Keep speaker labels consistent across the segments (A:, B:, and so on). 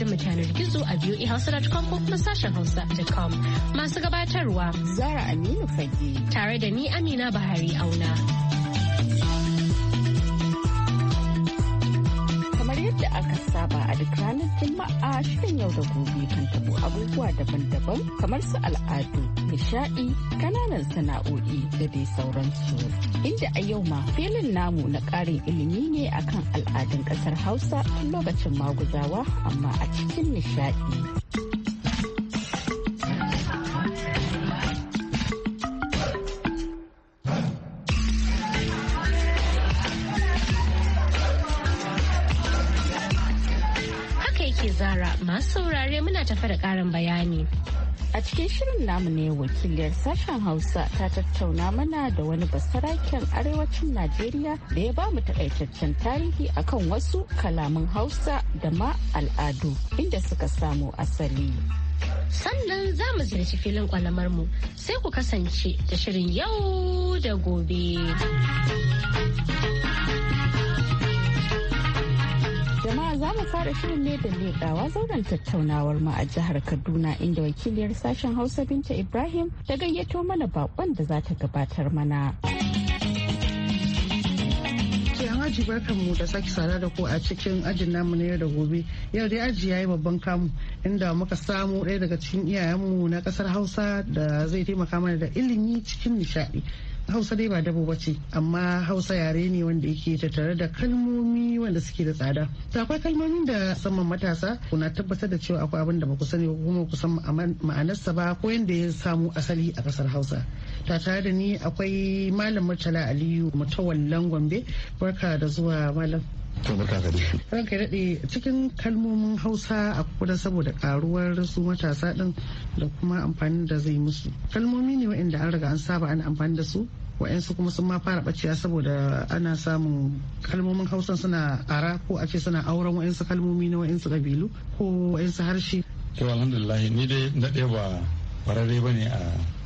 A: gidajen mu yanar gizo a voahausa.com ko kuma sashen hausa.com. Masu gabatarwa Zara Aminu Fage. Tare da ni Amina Bahari
B: Auna. shirin yau da gobe kan tabo abubuwa daban-daban kamar su al'adu, nishaɗi, kananan sana'o'i da dai sauransu. Inda a yau ma filin namu na ƙarin ilimi ne akan al'adun ƙasar Hausa tun lokacin maguzawa amma a cikin nishaɗi. masu saurare muna tafa da ƙarin bayani. A cikin shirin namu ne wakiliyar sashen Hausa ta tattauna mana da wani basaraken arewacin Najeriya da ya bamu takaitaccen tarihi akan wasu kalaman Hausa da ma al'adu inda suka samu asali.
A: Sannan za mu ziyarci filin mu sai ku kasance da shirin yau da gobe.
B: jama'a za mu fara shirin ne da leɗawa zauren tattaunawar mu a jihar kaduna inda wakiliyar sashen hausa binta ibrahim ta gayyato mana bakon da za ta gabatar mana.
C: aji barkan mu da sake sada da ku a cikin ajin namu na yau da gobe yau dai aji yayi babban kamu inda muka samu ɗaya daga cikin iyayenmu na ƙasar hausa da zai taimaka mana da ilimi cikin nishaɗi hausa dai ba dabo ba ce amma hausa yare ne wanda yake tattare da kalmomi wanda suke da tsada to akwai kalmomin da saman matasa kuna tabbatar da cewa akwai abin da ba ku sani ba kuma ku san ma'anarsa ba ko yanda ya samu asali a kasar hausa ta tare da ni akwai malam murtala aliyu mutawallan gombe barka da zuwa malam ranka ya daɗe cikin kalmomin hausa a kuda saboda karuwar su matasa ɗin da kuma amfani da zai musu kalmomi ne waɗanda an riga an saba ana amfani da su wa'insu kuma sun ma fara ɓaciya saboda ana samun kalmomin hausan suna ara ko a ce suna auren wa'insu kalmomi na wa'insu kabilu ko wa'insu harshe
D: to alhamdulillah ni dai na ɗaya ba ƙwararre ba ne a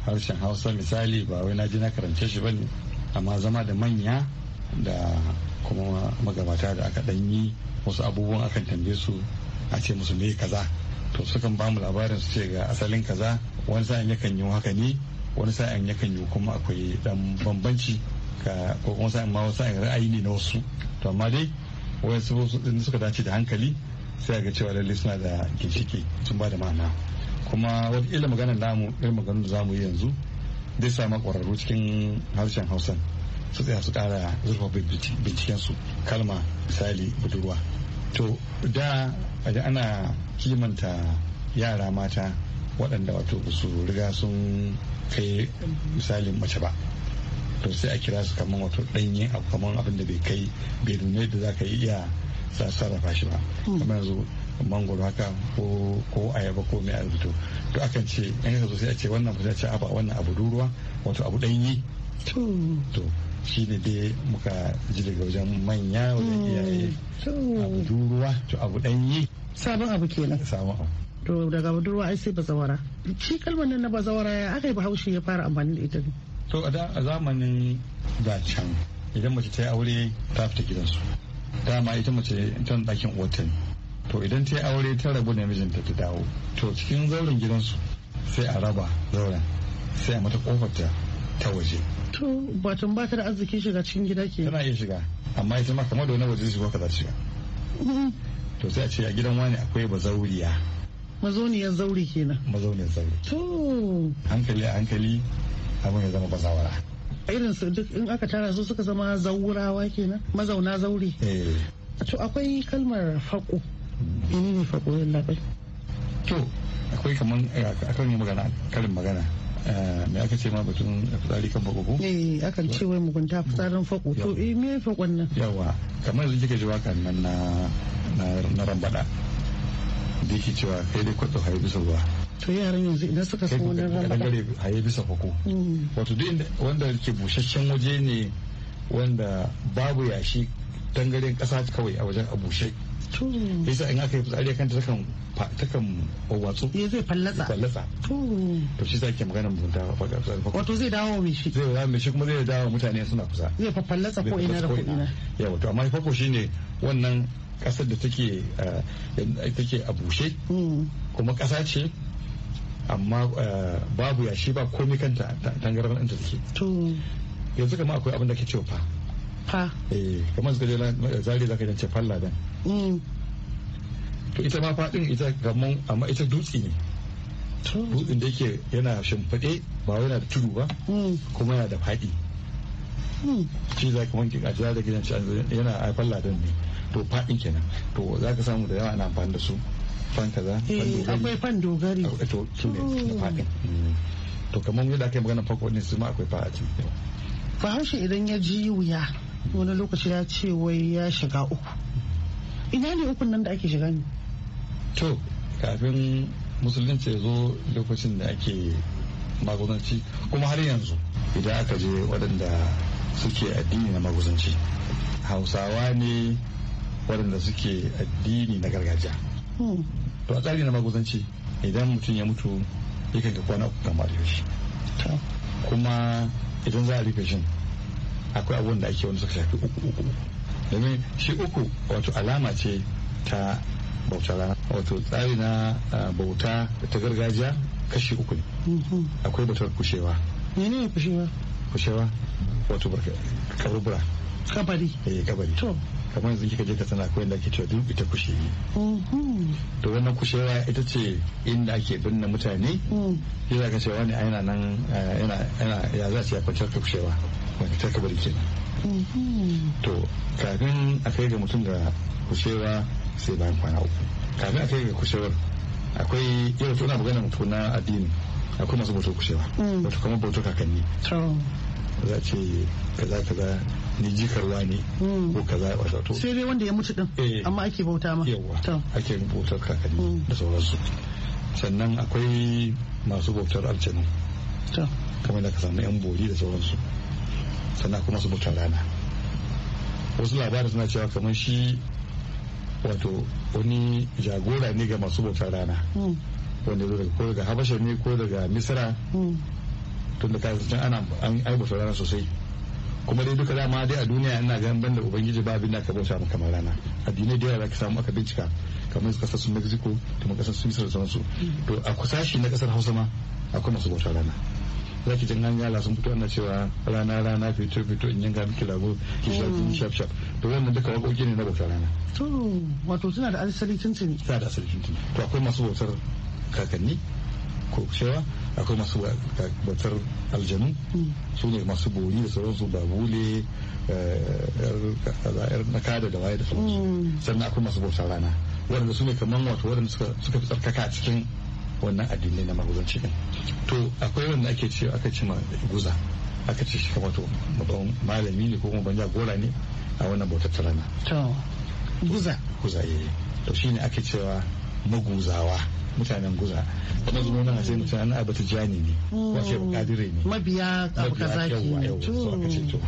D: harshen hausa misali ba wai na ji na karance shi ba ne amma zama da manya da kuma magabata da aka ɗan yi wasu abubuwan akan tambaye su a ce musu me kaza to sukan ba mu labarin su ce ga asalin kaza wani sa'in yakan yi haka ne wani sa'in yakan yi kuma akwai dan bambanci ka ko kuma sa'in ma wasu sa'in ra'ayi ne na wasu to amma dai din suka dace da hankali sai ga cewa lalle suna da ginshiki sun ba da ma'ana kuma wani ila maganar namu irin maganar da zamu yi yanzu zai ma ƙwararru cikin harshen hausa su tsaya su kara zurfa binciken su kalma misali budurwa to da ana kimanta yara mata waɗanda wato su riga sun kai misali mace ba to sai a kira su kamar wato ɗanye abu kamar abin da bai kai bai nuna yadda za ka iya sarrafa shi ba hmm. kamar yanzu mangoro haka ko ayaba ko mai arbuto to akan ce in yanzu sai a ce wannan ba ce aba wannan abu duruwa wato abu ɗanye
C: to
D: shi ne dai muka ji daga wajen manya wajen hmm. iyaye abu duruwa to abu yi. sabon abu kenan sabon abu
C: to daga duruwa ai sai bazawara shi kalmar nan na bazawara ya aka yi bahaushe ya fara amfani da ita ne
D: to a zamanin da can idan mace ta yi aure ta fita gidansu dama ita mace ta ɗakin uwarta ne to idan ta yi aure ta rabu da mijinta ta dawo to cikin zauren gidansu sai a raba zauren sai a mata ta. ta waje to
C: batun bata da
D: arzikin shiga cikin gida ke tana iya shiga amma ita ma kamar da wani waje shiga ka mm-hmm. shiga to sai a ce a gidan wani akwai bazauriya
C: mazauniyar zauri kenan
D: mazauniyar zauri
C: to
D: hankali a hankali abin ya zama bazawara
C: irin su duk in aka tara su suka zama zaurawa kenan mazauna zauri eh. to akwai kalmar faƙo menene faƙo yin labai
D: to akwai kamar eh, akwai yi magana karin magana Eh, me aka ce ma batun fitsari kan ko eh akan ce wai mugunta
C: fitsarin fako to eh me fakon nan
D: yawa kamar yanzu kika ji wakan nan na na rambada da yake cewa kai dai kwato haye bisa ruwa
C: to yaran yanzu idan suka san wannan rambada kai
D: dai haye bisa fako mm. wato duk wanda ke bushashen waje ne wanda babu yashi dangaren kasa kawai a wajen a bushe yasa in aka yi fitsari kan ta kan ta kan watsu ya eh, zai fallatsa fallasa to shi sake magana mun ta faɗa fitsari wato zai dawo mai shi zai dawo mai shi kuma zai dawo mutane suna kusa zai fallatsa ko ina da ko ina yawa to amma shi shine wannan kasar da take eh, take a bushe hmm. kuma kasa ce amma eh, babu yashi ba komai kanta tangaran ta take yanzu kama akwai abin da ke cewa fa fa eh kamar suka je zari zaka dance falla dan mm. to ita ma fadin ita kamar amma ita dutse ne dutsen da yake yana shimfiɗe ba yana da tudu ba mm. kuma yana da fadi. Mm. shi za ka wanke kaji da gidan yana haifar ladan ne to faɗin kenan to za ka samu da yawa ana amfani da su fan kaza eh, akwai
C: fan dogari
D: to shi ne da oh. faɗin to kamar yadda aka yi magana farko ne su ma akwai fa a cikin
C: bahaushe idan ya ji wuya wani lokaci ya ce wai ya shiga uku ina ne ukun nan da ake shiga ne
D: to kafin musulunci ya zo lokacin da ake maguzanci kuma har yanzu idan aka je waɗanda suke addini na maguzanci hausawa ne waɗanda suke addini na gargajiya hmm. to a tsari na maguzanci idan mutum ya mutu yakan ga kwana uku kamar yaushe kuma idan za a rufe shi akwai abubuwan da ake wanda suka shafi uku uku domin shi uku wato alama ce ta bauta rana wato tsari na bauta ta gargajiya kashi uku ne mhm. akwai bautar kushewa
C: mene ne kushewa
D: kushewa wato kabarbura kabari eh kabari to kamar yanzu kika je ka sana akwai inda ake cewa duk ita kushe
C: mm-hmm.
D: to wannan kushewa ita ce inda ake binne mutane mm. shi za ka ce wani yana nan eh, yana ya za ce ya kwanciyar ka kushewa wani ta kabari kenan
B: mm-hmm.
D: to kafin a kai ga mutum da kushewa sai bayan kwana uku kafin a kai ga kushewar akwai yau tuna magana mutu na addini akwai masu bautar kushewa mm. wato kamar bautar kakanni za ce kaza kaza ni jikarwa ne hmm. ko kaza wata to sai dai wanda ya mutu din eh. amma ake bauta ma yawa ake bautar kakanni hmm. da sauransu sannan akwai masu bautar aljanu kamar da ka samu yan bori da sauransu sannan kuma su bautar rana wasu labarin suna cewa kamar shi wato wani jagora ne ga masu bautar rana hmm. wanda zo daga ko daga habasha ne ko daga misira tun da kasancin ana an aibata rana sosai kuma dai duka dama dai a duniya ina ganin banda ubangiji ba abin da aka bauta maka kamar rana addinai da yawa ka samu aka bincika kamar kasar su mexico kamar kasar su da sauransu to a kusashi na kasar hausa ma akwai masu bauta rana za ki jin an yala sun fito ana cewa rana rana fito fito in yanga miki lago ki shafi shaf shaf to wannan duka waƙoƙi ne na bautar rana
C: to wato suna
D: da asali tuntuni suna da asali tuntuni to akwai masu bautar kakanni cewa akwai masu batar aljanu mm. su ne masu bori da sauransu ba bule eh, na nakada da waye da sauransu mm. sannan akwai masu bautar rana waɗanda su ne kamar wato waɗanda suka fi tsarkaka a cikin wannan addini na maguzanci din to akwai wanda ake ce aka ce ma guza aka ce shi kamar to malami ne ko kuma banja gora ne a wannan bautar rana guza guza eh. to shine ake cewa maguzawa mutanen guza kuma zuwa nan sai mutum an abata jani ne Wace mm. bukadire ne mabiya abu kaza ki to wai ce to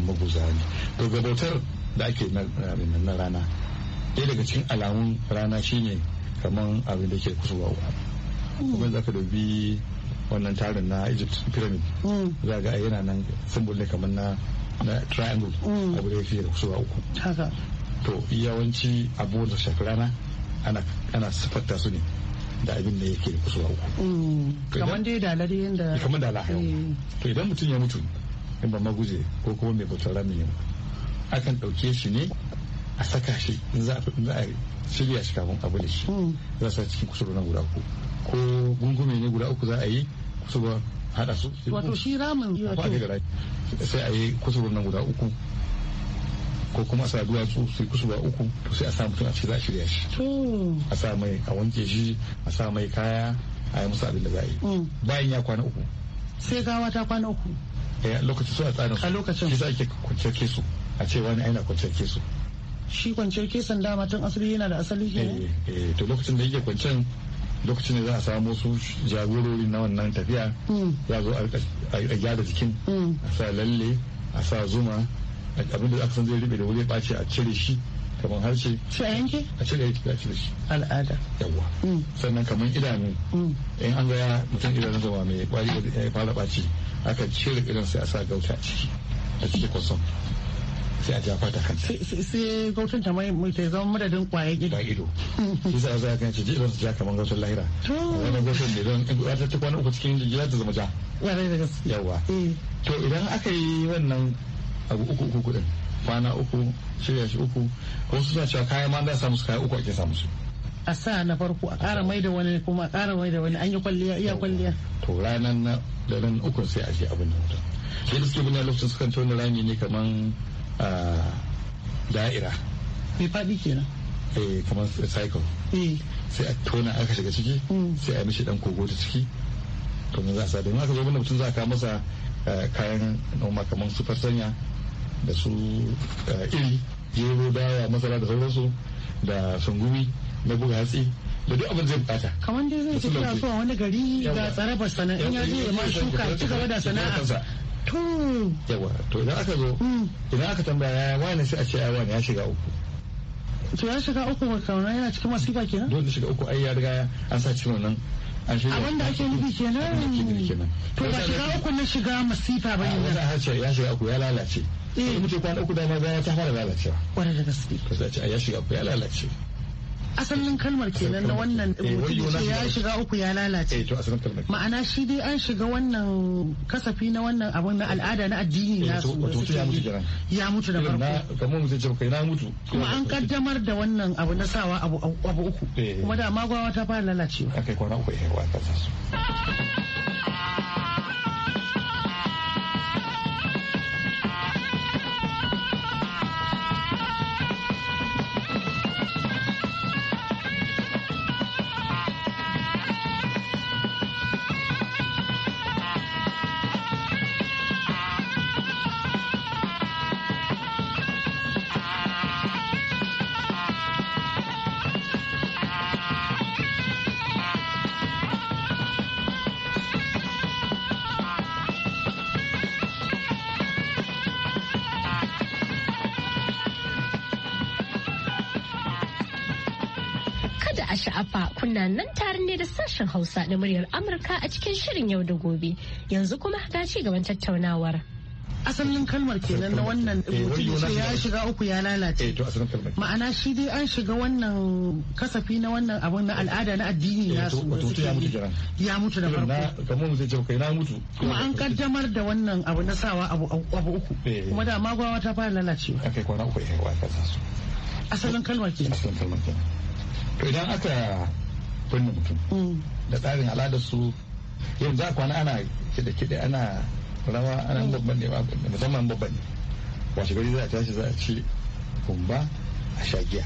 D: maguza ne to ga da ake na rana ɗaya daga cikin alamun rana shine kamar abin da ke kusurwa uku mm. kuma za ka dubi wannan tarin na egypt pyramid mm. za ga yana nan simbol ne kamar na triangle abu da ya fiye da kusurwa uku to yawanci abubuwan da shafi rana ana siffanta su ne da abin da yake kusa kusurwa
C: uku. Mm. kamar dai dalar yadda eh, kamar
D: da yau eh. to idan mutum ya mutu in ba maguje ko kuma mai bautar rami ne. akan ɗauke shi ne a saka shi in za a shirya shi kafin abu da shi mm. za su cikin kusurwa na guda uku ko gungume ne guda uku za a yi kusurwa hada su wato shi ramin sai a yi kusurwa na guda uku ko kuma sa duwatsu su yi kusurwa uku to sai a sa mutum a ciki za a shirya shi a sa mai a wanke shi a sa mai kaya a yi musu abin da za a yi mm. bayan ya kwana uku
C: sai gawa ta kwana uku
D: eh, a lokacin su a tsarin a lokacin shi za a ke kwanciyar kesu a ce wani aina kwanciyar kesu
C: shi kwanciyar kesan dama tun asali yana da asali
D: ke eh, eh, to lokacin da yake kwanciyar lokacin da za a samu su jagorori na wannan tafiya mm. ya zo a gyara jikin mm. a sa lalle a sa zuma abin da aka san zai ribe da wuri ɓace a cire shi kamar harshe a cire shi a cire shi al'ada yawa mm. sannan kamar idanu mm. in an ga mutum idanun zama mai kwari ya fara ɓace aka cire idan sai a sa gauta a ciki a ciki kwasan sai a jafa ta kanta
C: sai gautun ta mai ta zama madadin kwaye gido
D: ido shi sai za kan ce idan su ja kamar gautun lahira wannan gautun ne don in ta ta kwana uku cikin jijjira ta zama ja yawa eh. to idan aka yi wannan abu uku uku kudin kwana uku shirya shi uku wasu suna cewa kayan ma da samu su kayan uku ake samu su
C: a sa na farko a ƙara mai da wani kuma a ƙara mai da wani an yi kwalliya iya kwalliya
D: to ranar na da ran uku sai a je abin da mutum sai da suke bin lokacin sukan tona rami ne kaman da'ira mai faɗi kenan eh kamar cycle eh. sai a tona aka shiga ciki hmm. sai a mishi dan kogo ta ciki to za a sa domin aka zo wani mutum za a kawo masa eh, kayan noma kamar su sanya. da su iri gero dawa masara da sauransu da sungumi na buga hatsi da duk abin zai bukata kamar dai zai tafi kasuwa
C: wani gari ga tsarabar sana'a in ya je ma shuka ci gaba da sana'a to
D: yawa to idan aka zo hmm. idan aka tambaya wani sai a ce ai wani ya shiga uku
C: to ya shiga uku ba kauna
D: yana cikin masifa kenan dole shiga uku ai ya riga an sa cikin wannan abin da ake nufi kenan to ba shiga
C: uku na shiga masifa ba ne
D: ya shiga uku ya lalace sai mutum kwana uku dama gaya ta fara lalacewa kwarar da gaske ka zaci a ya shiga uku ya lalace
C: asalin kalmar kenan na wannan rubutu eh, ya shiga uku ya lalace
D: eh,
C: ma'ana shi dai an shiga wannan kasafi na wannan abun na al'ada na addini eh, na su
D: ya mutu da farko kamar mutum ce kai na mutu kuma an
C: kaddamar da wannan abu na sawa abu uku kuma da magwawa ta fara lalacewa kai kwana uku ya kwana ta
A: kada a sha'afa kuna nan tare ne da sashen hausa da muryar amurka a cikin shirin yau da gobe yanzu kuma ga ci gaban tattaunawar asalin
C: kalmar kenan na wannan eh, mutum ce ya shiga uku ya lalace eh,
A: ma'ana shi dai an shiga wannan
C: kasafi na wannan abin na al'ada na addini eh, na su ya mutu da farko kuma an kaddamar da wannan abu na sawa abu uku kuma da magwawa ta fara lalacewa asalin kalmar kenan
D: to idan aka kunna mutum mm. da tsarin al'adar su yanzu a kwana ana kiɗe-kiɗe ana rawa ana mm. babban ne musamman babban ne washe gari za a tashi za a ci kumba a sha giya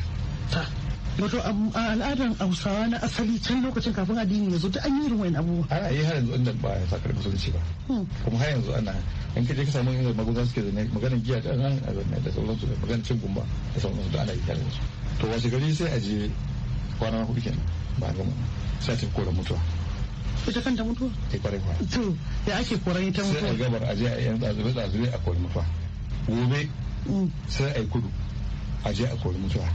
D: wato a
C: al'adar hausawa na asali can lokacin kafin addini ya zo ta an yi ruwan abubuwa ana yi har
D: yanzu inda ba ya sakar musulunci ba hmm. kuma har yanzu ana in kaje ka samu inda magudan suke zane maganin giya ta nan a zane da sauransu da maganin cin gumba da sauransu da ana yi har yanzu to washe gari sai a je kwana hudu kenan ba a gama sai ta kora mutuwa ita kanta mutuwa ta kware kwa to ya ake koran ita mutuwa sai a gabar aje a yan tsazube tsazube a kori mutuwa gobe mm. sai a yi kudu aje a kori mutuwa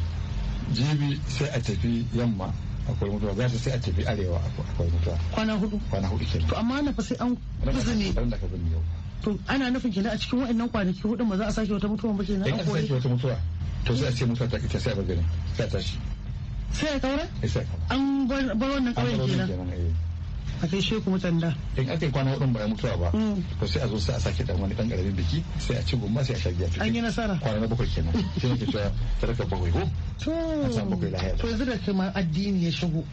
D: jibi sai a tafi yamma a kori mutuwa za ta sai a tafi arewa kori mutuwa kwana hudu kwana hudu kenan to amma na fa sai an kuzumi ran da ka bin yau to ana nufin kenan a cikin wa'annan kwanaki hudun ba za a sake
C: wata mutuwa ba kenan an kori sake
D: wata mutuwa to sai a ce mutuwa ta ita sai a bar garin sai a tashi
C: sai ya eh, kaura? an eh. a kai sheku mutan da
D: in aka yi kwana hudun bayan mutuwa ba mm. to sai a zo sai a sake dan wani dan karamin biki sai a ci gumma sai a sha giya an yi nasara kwana na bakwai kenan sai nake cewa tarka bakwai ko
C: to to yanzu da kuma addini ya shigo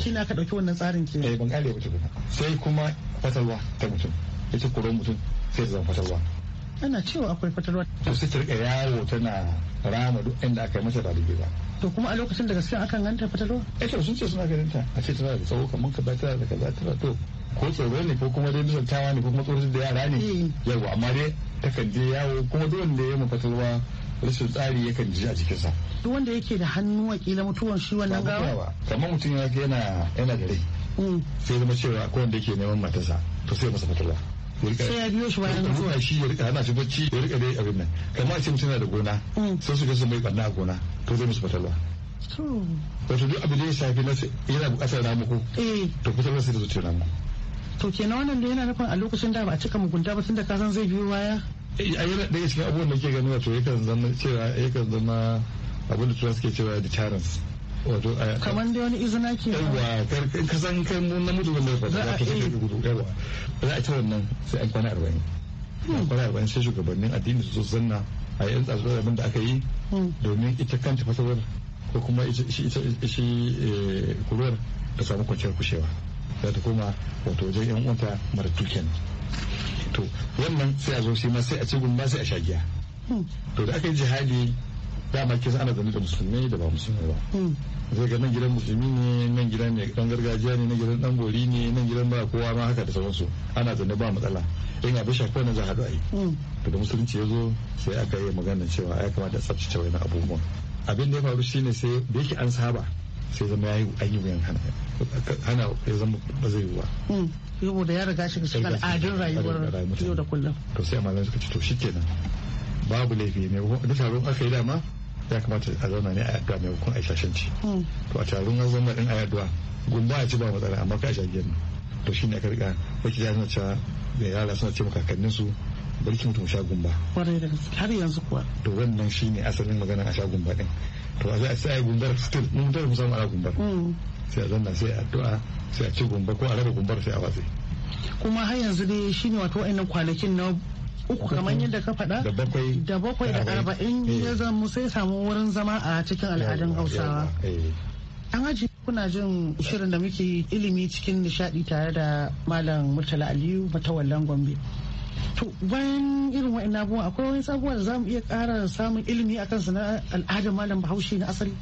C: shi na ka dauki wannan tsarin ke eh ban kare ba tukuna
D: sai kuma fatalwa ta mutum yace kuro mutum sai zan fatalwa
C: ana cewa akwai fatalwa to sai ta rika yawo
D: tana rama duk inda aka yi masa da ba to kuma a lokacin da gaske akan ganta fitarwa eh to sun ce suna ganin ta a ce tana da tsawo kamar ba tana da kaza tana to ko tsoro ne ko kuma dai misaltawa ne ko kuma tsoron da yara ne eh. yawa amma dai takan je yawo kuma duk wanda ya maka ruwa rashin tsari yakan ji a jikinsa
C: duk wanda yake da hannu a kila mutuwan shi wannan gawa
D: kamar mutum yana yana da rai mm. sai zama cewa akwai wanda yake neman matarsa to sai masa fatala sai ya biyo shi bayan mutuwa shi ya rika hana shi bacci ya rika dai abin nan kamar ce mutum da gona mm. sai su ga su mai barna a gona to zai musu fatalwa wato duk abin da ya shafi nasa yana bukatar ramuku eh. to fitar nasa da zuciyar ramuku
C: to kenan wannan da yana nufin a lokacin da ba a cika mugunta ba tunda ka san zai biyo waya
D: eh, a yana daga cikin abubuwan da ke ganin wato yakan zama cewa yakan zama abin da turan suke cewa deterrence wato kamar
C: da wani izina ke
D: yawa ka san kai mu na mutu wanda za a yi gudu yawa ba za a ci wannan sai an kwana arba'in an hmm. kwana arba'in sai shugabannin addini su zanna a yan tsarzuwar abin da aka yi hmm. domin ita kanta fasawar ko kuma shi eh, kuruwar ta samu kwanciyar kushewa za ta koma wato wajen yan uwanta mara tuken to wannan sai a zo shi ma sai a ce gumba sai a sha giya hmm. to da aka yi jihadi dama kisa ana zane da musulmi da ba musulmi ba zai ga nan gidan musulmi ne nan gidan ne ɗan gargajiya ne nan gidan dan gori ne nan gidan ba kowa ma haka da sauransu ana zane ba matsala in abin shafi na za a haɗu a yi daga musulunci ya zo sai aka yi maganar cewa ya kamata a tsabtace wani abubuwan abin da ya faru ne sai da yake an saba sai zama ya yi an yi wuyan hana hana ya zama ba zai yiwuwa.
C: saboda ya riga shiga cikin al'adun rayuwar
D: yau da kullum. to sai malamai suka ce to shikenan babu laifi ne duk taron aka yi dama ya kamata a zauna ne a yaduwa maimakon a yi shashanci to a taron an zama din a yaduwa gumba a ci ba matsala amma ka sha giyan to shi ne aka rika wacce ya nuna cewa da yara suna ce kakannin su barki mutum sha gumba kwarai da gaske har yanzu kuwa to wannan shi ne asalin magana a sha gumba din to a sai a yi gumbar still mun tare mu samu ana gumbar mm. sai a zanna sai a addu'a sai a ci gumba ko a raba gumbar sai a watsi
C: kuma har yanzu dai shi ne wato wa'annan kwanakin na uku kamar yadda ka faɗa da bakwai da arba'in eh. ya zama sai samu wurin zama a cikin al'adun hausawa eh. an haji kuna jin shirin da muke ilimi cikin nishadi tare da malam murtala aliyu matawallan gombe to bayan irin wa'in abubuwa akwai wani sabuwa da za mu iya ƙara samun ilimi akan su na al'adar malam bahaushe na asali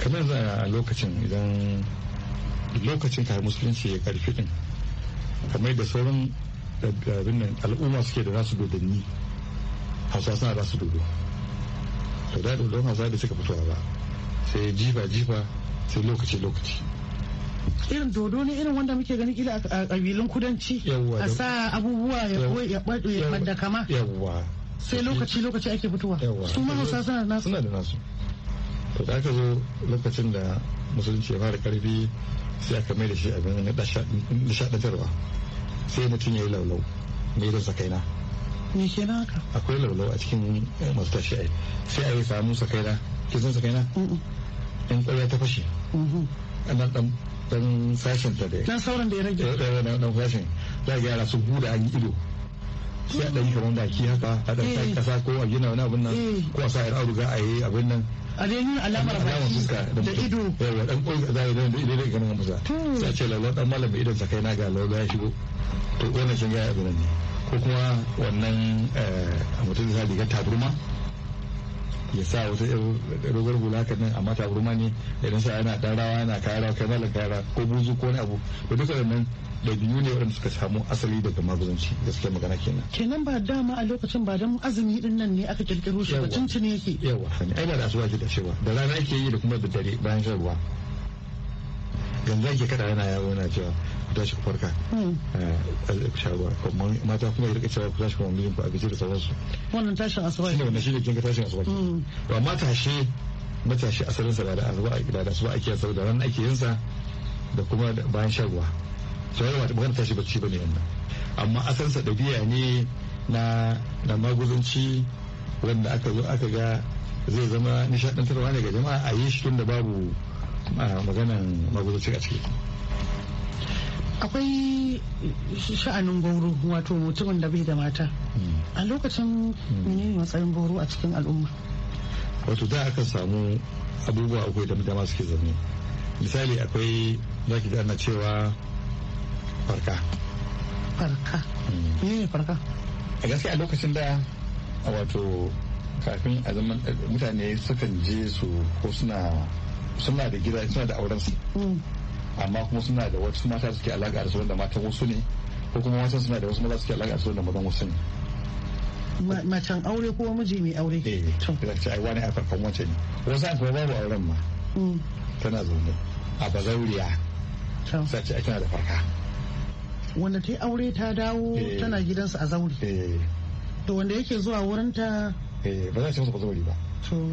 D: kamar da lokacin idan lokacin kafin musulunci ya karfi din kamar da sauran al'umma suke da nasu dodanni hausa suna da su dodo to da dodon hausa da suka fito ba sai jifa jifa sai lokaci lokaci
C: irin dodo ne irin wanda muke ganin kila a kabilun kudanci a sa
D: abubuwa ya bado ya bada kama yawwa sai lokaci lokaci ake fitowa su ma hausa suna da nasu suna da nasu to da aka zo lokacin da musulunci ya fara karfi sai aka mai da shi abin nishadantarwa sai mutum ya yi laulau ne da sakaina
C: me ke haka
D: akwai laulau a cikin masu tashi ai sai a yi samu sakaina ke san sakaina in kwaya ta fashe mm-hmm. nan dan dan sashen ta dai dan sauran da ya rage ɗan dan sashen za a gyara su huda an yi ido sai a ɗan yi kamar baki haka a ɗan sa kasa eh. ko a gina wani abin nan eh. ko a sa auduga a yi abin nan a ne nuna alamar baki da ido yawa dan koyi da zai da ido da ganin sai ce lallan dan malam idan sa kai na ga lallan ya shigo to wannan kin ga abin ne ko kuma wannan eh, mutum zai riga taburma ya sa wata rogar hula ka nan a mata burma ne idan sa yana dan rawa yana kayara kai mala kayara ko buzu ko wani abu da duka da ɗabi'u ne waɗanda suka samu asali daga maguzanci gaske magana kenan
C: kenan ba dama a lokacin ba dan azumi din nan ne aka kirkiro shi ba ne
D: yake yawa ai ba da asuba ke da cewa da rana ake yi da kuma da dare bayan shan ruwa yanzu ake kada yana yawo yana cewa ku tashi ku farka hmm. eh, a ku sha ruwa mata kuma ya rika cewa ku tashi kuma mijin ku a gaji da sauransu
C: wannan tashin asuba
D: ne wannan shi ne kinga tashin asuba hmm. to amma matashi asalin sa da asuba da asuba ake yasa da ran ake yin sa da kuma bayan shan ruwa so yana ba magana tashi bacci bane wannan amma asalin sa dabiya ne na na maguzanci wanda aka zo aka ga zai zama nishadantarwa ne ga jama'a a yi shi tun da babu maganan maguzanci a ciki
C: akwai sha'anin goro wato mutumin da bai da mata hmm. a lokacin hmm. ne matsayin goro a cikin
D: al'umma wato da aka samu abubuwa akwai da dama suke zaune misali akwai za ki ana cewa farka farka hmm. ne farka a gaske a lokacin da wato kafin a zaman mutane sukan je su ko suna suna da gida suna da auren su mm. amma kuma suna da wasu mata suke alaka da su wanda matan wasu ne ko kuma wasu suna da wasu mata suke alaka da su wanda mazan wasu ne macen aure ko miji mai aure eh da ce wani a farkon wace ne wasu an kuma babu auren ma mm. tana zaune a bazauriya sai ce ai da farka
C: wanda ta yi aure ta dawo eh. tana
D: gidansa a zauri eh.
C: to wanda yake zuwa wurinta
D: eh, ba za ta ba bazauri ba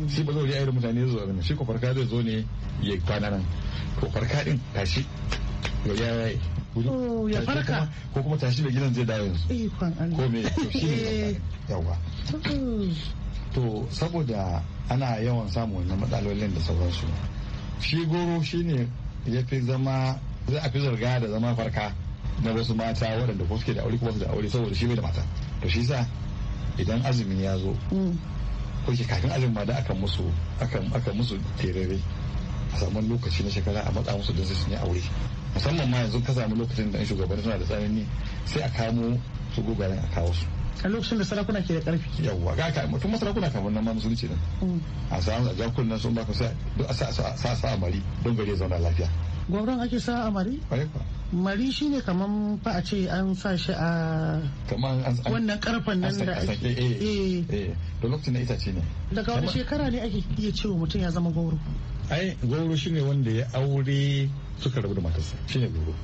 D: shi ba zai waje irin mutane zuwa ne shi ko farka zai zo ne ya kwana nan ko farka din tashi ya ya. Oh, ya farka ko kuma tashi da gidan zai dawo yanzu ko me to shi ne eh. yawa to saboda ana yawan samu wannan matsalolin da sauransu shi goro shi ne ya fi zama zai a fi zarga da zama farka na wasu mata waɗanda ko suke da aure kuma su da aure saboda shi mai da mata to shi sa idan azumi ya zo mm. ko kafin alin ma da aka musu aka musu terere a samun lokaci na shekara a matsa musu don sun yi aure musamman ma yanzu ka samu lokacin da shugaban suna da tsanani sai a kamo su gogaren a kawo su a lokacin da sarakuna ke da karfi yawwa ga ka mutum sarakuna kamar nan ma musulunci nan a samu a jakun nan sun baka a sa sa amari don gari ya zauna lafiya gwauron
C: ake sa a mari mari shine kaman fa a ce an sa shi a
D: wannan karfan nan da ake eh, eh. Eh. Dolopti na itace ne. Daga wani
C: shekara ne ake iya cewa mutum ya zama goro?
D: Ai, goro shine wanda ya aure suka rabu da matarsa shine goro.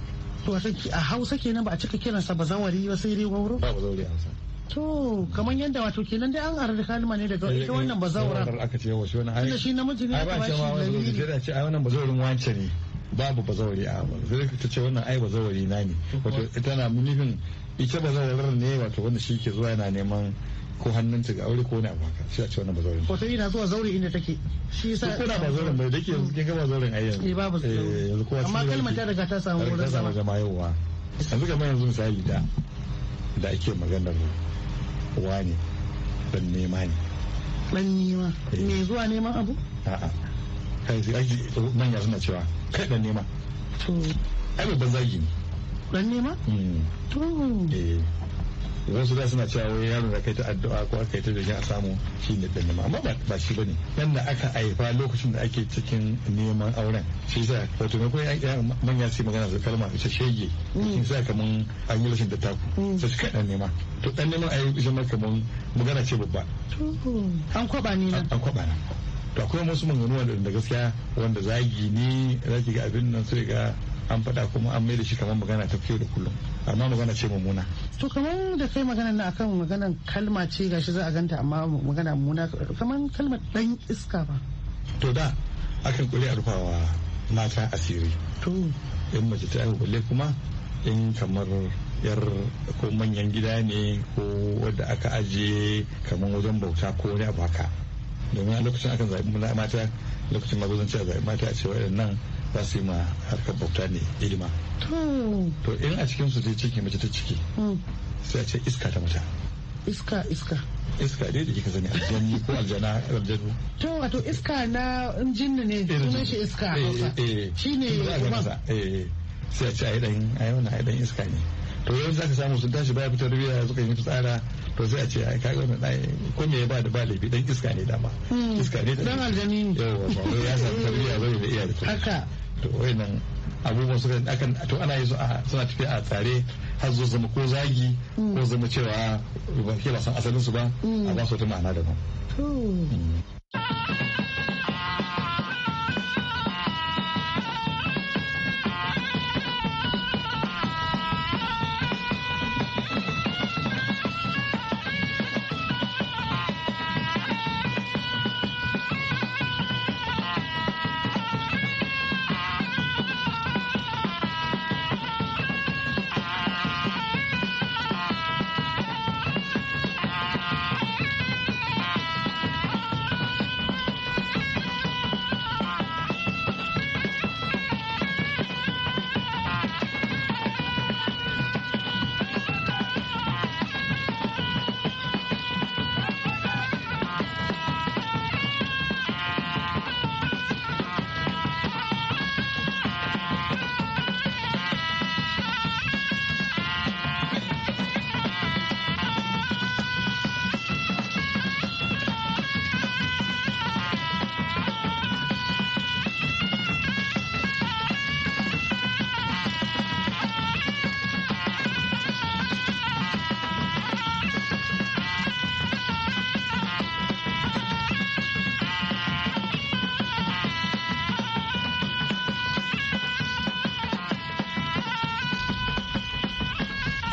D: To a Hausa kenan ba a cika kiransa bazawari ba sai dai goro? Ba bazawari a Hausa.
C: To, kamar yadda wato kenan dai an arar da kalma ne daga ita wannan bazawara. Aka
D: ce wa shi wannan ai. shi namiji ne ya ba shi dalili. Ai ba ce ai wannan bazawarin wance ne. Babu bazawari a Hausa. Sai ka ce wannan ai bazawari na ne. Wato ita na nufin ita bazawarin ne wato wanda shi ke zuwa yana neman ko hannunta ga aure ko ne a baka shi a ce wannan bazaurin zauren ko
C: sai ina zuwa zaure inda
D: take shi sa ko na ba bai dake yanzu kin ga ba ai yanzu eh babu eh, zuwa amma kalmar ta daga ta samu wurin zama zama yawa yanzu kamar yanzu misali da da ake maganar wani dan nema ne
C: dan nema eh. me zuwa neman abu
D: a'a kai sai ya suna cewa kai dan nema to ai ba zagi ne dan nema mm. to eh Wasu su da suna cewa wai yaron da kai ta addu'a ko aka yi ta domin a samu shi ne ɗan amma ba shi bane dan da aka haifa lokacin da ake cikin neman auren shi yasa wato na koyi manya sai magana da kalma ita shege kin mm. sa kaman an yi rashin dattaku mm. sai suka ɗan nema to dan neman yi zama kaman magana ce babba an kwaba ni na. an kwaba na to akwai wasu maganganu wanda gaskiya wanda zagi ne zaki ga abin nan sai ga an faɗa kuma an mai da shi kamar magana ta fiye da kullum amma magana ce mummuna
C: to kamar da kai magana na akan maganan kalma ce gashi za a ganta amma magana mummuna kamar kalmar dan iska ba
D: to da akan kuli a rufawa mata asiri to in mace ta yi balle kuma in kamar yar ko manyan gida ne ko wadda aka aje kamar wajen bauta ko wani abu haka domin a lokacin akan zaɓi mata lokacin magozanci a zaɓi mata a ce waɗannan za su yi ma harkar bauta ne ilima. to in a cikin su zai ciki mace ta ciki hmm. sai a ce iska ta mata
C: iska iska
D: iska dai da kika sani aljani ko aljana aljanu
C: to wato iska na jinni ne eh, sunan shi iska eh,
D: eh, shi ne sai a ce a yi dan a yi yi dan iska ne to yau za ka samu sun tashi baya fitar rubiya suka yi tsara. to sai a ce ai kaga wani ɗaya ko me ya ba da ba laifi dan iska ne dama hmm. iska ne dan aljani yawa ba ya samu tarbiya zai da iyaye haka to wayannan abubuwan suka akan to ana yi suna tafiya a tare har zo zama ko zagi ko mm. zama cewa ba ke ba san su ba a ba su wata ma'ana daban.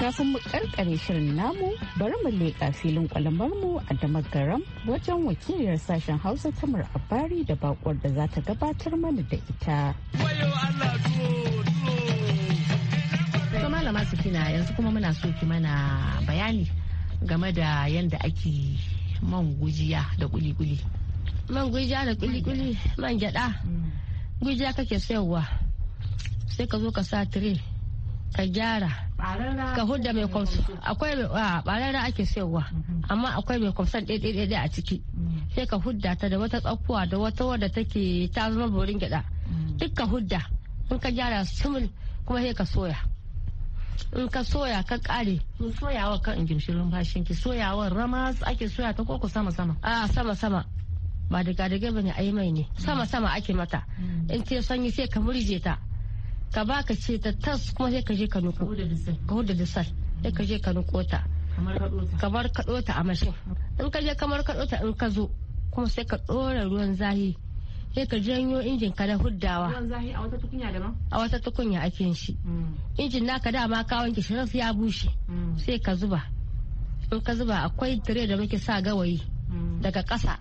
B: kafin mu karkare shirin namu bari mu leƙa filin mu a damar garam wajen wakiliyar sashen hausa tamar abari da bakwar da za ta gabatar mana da ita
E: malama sufina yanzu kuma muna so ki mana bayani game da yadda ake man gujiya da kuli-kuli man gujiya da kuli-kuli man gyada mm. gujiya kake sayarwa sai ka zo ka sa tire ka gyara ka hudda mai kwamson akwai barara ake sayarwa amma akwai mai kwamson ɗaiɗaiɗaiɗai a ciki sai ka hudda ta da wata tsakuwa da wata wadda take ta zama borin gyaɗa duk ka hudda in ka gyara sumul kuma sai ka soya in ka soya ka kare soyawa kan in gimshi lumfashin ki soyawa rama ake soya ta koko sama sama a sama sama ba daga daga bane ayi mai ne sama sama ake mata mm. in ce sanyi sai ka murje ta ka ba ka ce ta tas kuma sai ka je ka nuko ka huda da sai sai ka je ka nuko ta kamar ka ta a mashin in ka je kamar ka ta in ka zo kuma sai ka ɗora ruwan zahi sai ka janyo injin ka da huddawa a wata tukunya ake yin shi hmm. injin naka dama ka wanke shi ya bushe hmm. sai ka zuba in ka zuba akwai tire da muke sa gawayi hmm. daga ƙasa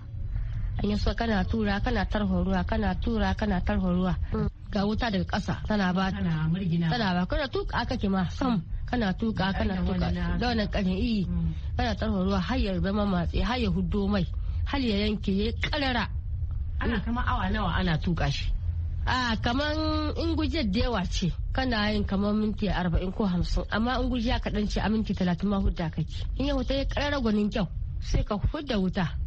E: an yi so kana tura kana tarhon ruwa kana tura kana tarhon ruwa ga wuta daga ƙasa tana ba tana ba kana tuka kake ma sam kana tuka kana tuka da wannan ƙarin iyi mm. kana tarho ruwa har ya zama matsi har ya hudo mai har ya yanke ya ƙarara. ana kama awa nawa ana tuka shi a kaman in gujiyar da yawa ce kana yin kaman minti arba'in ko hamsin amma in gujiya kaɗan ce a minti talatin ma hudda kake in ya wuta ya ƙarara gwanin kyau sai ka hudda wuta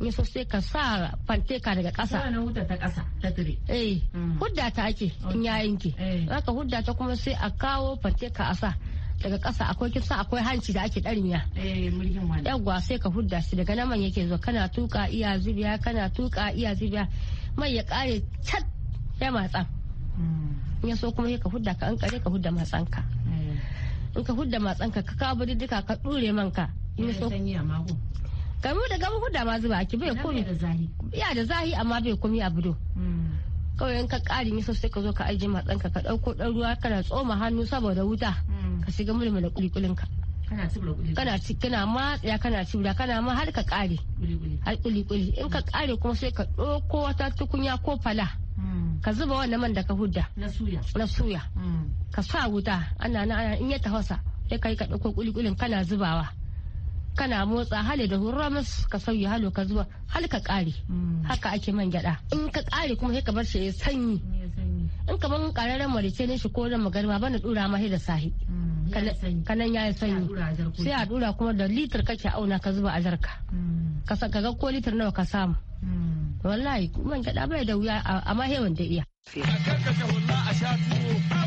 E: in so sai ka sa fanteka daga kasa na huda ta
B: kasa ta tire
E: eh mm. hudda ta ake in ya yanke eh. zaka hudda ta kuma sai a kawo fanteka a sa daga kasa akwai kisa akwai hanci da ake ɗarmiya. Eh, Yawwa sai ka hudda shi daga naman yake zo kana tuka iya zubiya kana tuka iya zubiya mai ya ƙare cat ya matsa. Mm. In ya so kuma ka hudda ka an kare ka hudda matsanka. Eh. In ka hudda matsanka ka kawo duka ka ɗure manka. In a so gamu da gamu huda ma zuba ki bai komi ya da zahi amma bai komi a budo hmm. kawai in ka kari ni sosai ka zo ka ajiye matsanka ka dauko dan ruwa kana tsoma hannu saboda wuta hmm. ka shiga mulmula ka kana ci kana ma ya kana ci da kana ma har ka kare har kuli kuli in ka kare kuma sai ka doko wata tukunya ko fala hmm. ka zuba wannan man da ka hudda na suya ka sa wuta ana na ana in ya tafasa sai kai ka dauko kuli kulin kana zubawa kana motsa hali da hurra masu ka sauya halo ka zuwa hal ka kare mm. haka ake man gyada in ka kare kuma sai ka bar shi ya sanyi in ka ban kararren marice ne shi ko da magarma bana dura ma sai da sahi mm, kanan ya sanyi sai a dura kuma da litir kake auna ka zuba a jarka mm. ka ga ko litir nawa ka samu wallahi man gyada bai da wuya amma hewan da iya a karkashe wallah
D: a sha tuwo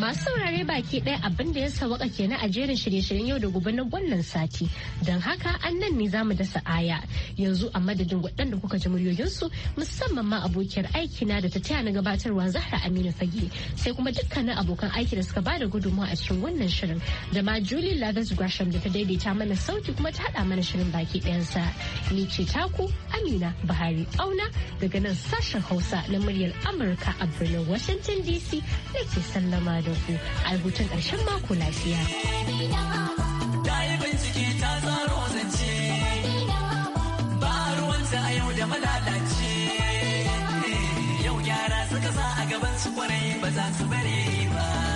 A: Masu saurare baki ɗaya abin da ya sawaka kenan a jerin shirye-shiryen yau da gobe na wannan sati. Don haka an nan ne za mu dasa aya yanzu a madadin waɗanda kuka ji muryoyinsu musamman ma abokiyar aikina da ta taya na gabatarwa Zahra Aminu Fage sai kuma dukkanin abokan aiki da suka bada gudunmawa a cikin wannan shirin da ma Julie Lavis Gresham da ta daidaita mana sauti kuma ta haɗa mana shirin baki ɗayansa. Ni ce taku Amina Buhari Auna daga nan sashen Hausa na muryar Amurka a birnin Washington DC da ke sallama da da hutun ƙarshen mako lafiya. Ta yi bincike ta tsaro zance, ba ruwanta a yau da malalace. Eh, yau gyara suka sa
B: a gaban su kwarai ba za su bare ba.